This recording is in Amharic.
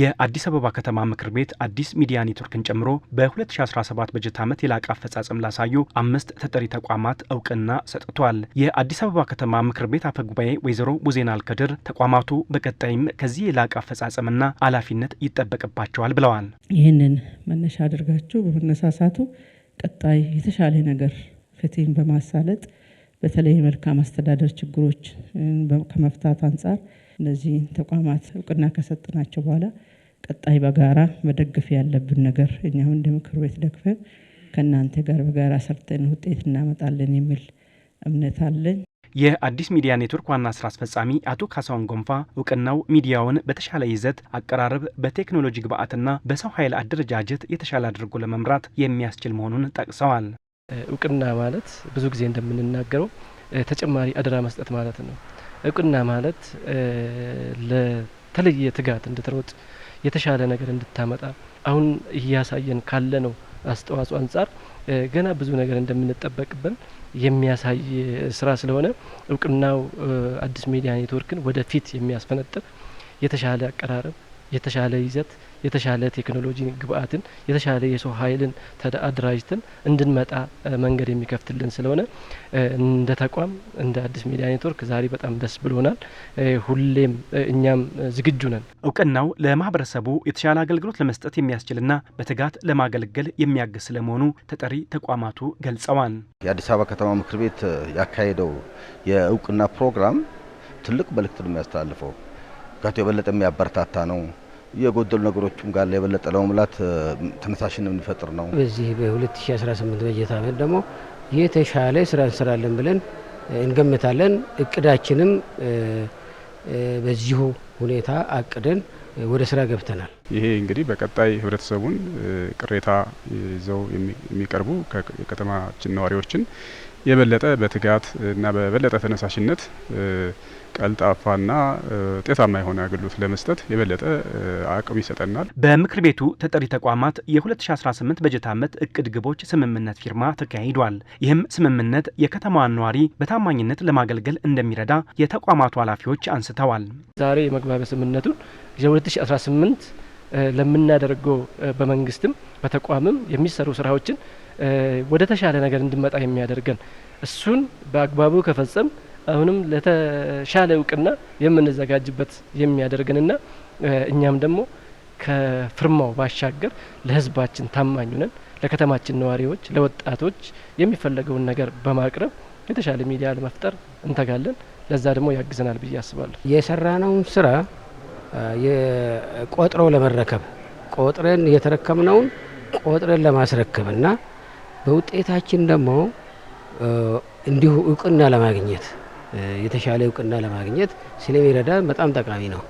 የአዲስ አበባ ከተማ ምክር ቤት አዲስ ሚዲያ ኔትወርክን ጨምሮ በ2017 በጀት ዓመት የላቀ አፈጻጸም ላሳዩ አምስት ተጠሪ ተቋማት እውቅና ሰጥቷል። የአዲስ አበባ ከተማ ምክር ቤት አፈ ጉባኤ ወይዘሮ ቡዜና አልከድር ተቋማቱ በቀጣይም ከዚህ የላቀ አፈጻጸምና ኃላፊነት ይጠበቅባቸዋል ብለዋል። ይህንን መነሻ አድርጋችሁ በመነሳሳቱ ቀጣይ የተሻለ ነገር ፍትህን በማሳለጥ በተለይ መልካም አስተዳደር ችግሮች ከመፍታት አንጻር እነዚህ ተቋማት እውቅና ከሰጥናቸው በኋላ ቀጣይ በጋራ መደገፍ ያለብን ነገር እኛ እንደ ምክር ቤት ደግፈን ከእናንተ ጋር በጋራ ሰርተን ውጤት እናመጣለን የሚል እምነት አለኝ። የአዲስ ሚዲያ ኔትወርክ ዋና ስራ አስፈጻሚ አቶ ካሳሁን ጎንፋ እውቅናው ሚዲያውን በተሻለ ይዘት አቀራረብ፣ በቴክኖሎጂ ግብአትና በሰው ኃይል አደረጃጀት የተሻለ አድርጎ ለመምራት የሚያስችል መሆኑን ጠቅሰዋል። እውቅና ማለት ብዙ ጊዜ እንደምንናገረው ተጨማሪ አደራ መስጠት ማለት ነው። እውቅና ማለት ለተለየ ትጋት እንድትሮጥ የተሻለ ነገር እንድታመጣ አሁን እያሳየን ካለ ነው አስተዋጽኦ አንጻር ገና ብዙ ነገር እንደምንጠበቅብን የሚያሳይ ስራ ስለሆነ እውቅናው አዲስ ሚዲያ ኔትወርክን ወደፊት የሚያስፈነጥር የተሻለ አቀራረብ የተሻለ ይዘት፣ የተሻለ ቴክኖሎጂ ግብአትን፣ የተሻለ የሰው ኃይልን አደራጅተን እንድንመጣ መንገድ የሚከፍትልን ስለሆነ እንደ ተቋም እንደ አዲስ ሚዲያ ኔትወርክ ዛሬ በጣም ደስ ብሎናል። ሁሌም እኛም ዝግጁ ነን። እውቅናው ለማህበረሰቡ የተሻለ አገልግሎት ለመስጠት የሚያስችልና በትጋት ለማገልገል የሚያግዝ ስለመሆኑ ተጠሪ ተቋማቱ ገልጸዋል። የአዲስ አበባ ከተማ ምክር ቤት ያካሄደው የእውቅና ፕሮግራም ትልቅ መልእክት ነው የሚያስተላልፈው። ከቶ የበለጠ የሚያበረታታ ነው። የጎደሉ ነገሮችም ጋር የበለጠ ለመሙላት ተነሳሽን የሚፈጥር ነው። በዚህ በ2018 በጀት ዓመት ደግሞ የተሻለ ስራ እንሰራለን ብለን እንገምታለን። እቅዳችንም በዚሁ ሁኔታ አቅደን ወደ ስራ ገብተናል። ይሄ እንግዲህ በቀጣይ ህብረተሰቡን ቅሬታ ይዘው የሚቀርቡ ከከተማችን ነዋሪዎችን የበለጠ በትጋት እና በበለጠ ተነሳሽነት ቀልጣፋና ውጤታማ የሆነ አገልግሎት ለመስጠት የበለጠ አቅም ይሰጠናል። በምክር ቤቱ ተጠሪ ተቋማት የ2018 በጀት ዓመት እቅድ ግቦች ስምምነት ፊርማ ተካሂዷል። ይህም ስምምነት የከተማዋን ነዋሪ በታማኝነት ለማገልገል እንደሚረዳ የተቋማቱ ኃላፊዎች አንስተዋል። ዛሬ የመግባቢያ ስምምነቱን የ2018 ለምናደርገው በመንግስትም በተቋምም የሚሰሩ ስራዎችን ወደ ተሻለ ነገር እንድመጣ የሚያደርገን እሱን በአግባቡ ከፈጸም አሁንም ለተሻለ እውቅና የምንዘጋጅበት የሚያደርግንና እኛም ደግሞ ከፍርማው ባሻገር ለህዝባችን ታማኝ ነን ለከተማችን ነዋሪዎች፣ ለወጣቶች የሚፈለገውን ነገር በማቅረብ የተሻለ ሚዲያ ለመፍጠር እንተጋለን። ለዛ ደግሞ ያግዘናል ብዬ አስባለሁ። የሰራነውን ስራ ቆጥረው ለመረከብ ቆጥረን የተረከምነውን ቆጥረን ለማስረከብ እና በውጤታችን ደግሞ እንዲሁ እውቅና ለማግኘት የተሻለ እውቅና ለማግኘት ስለሚረዳ በጣም ጠቃሚ ነው።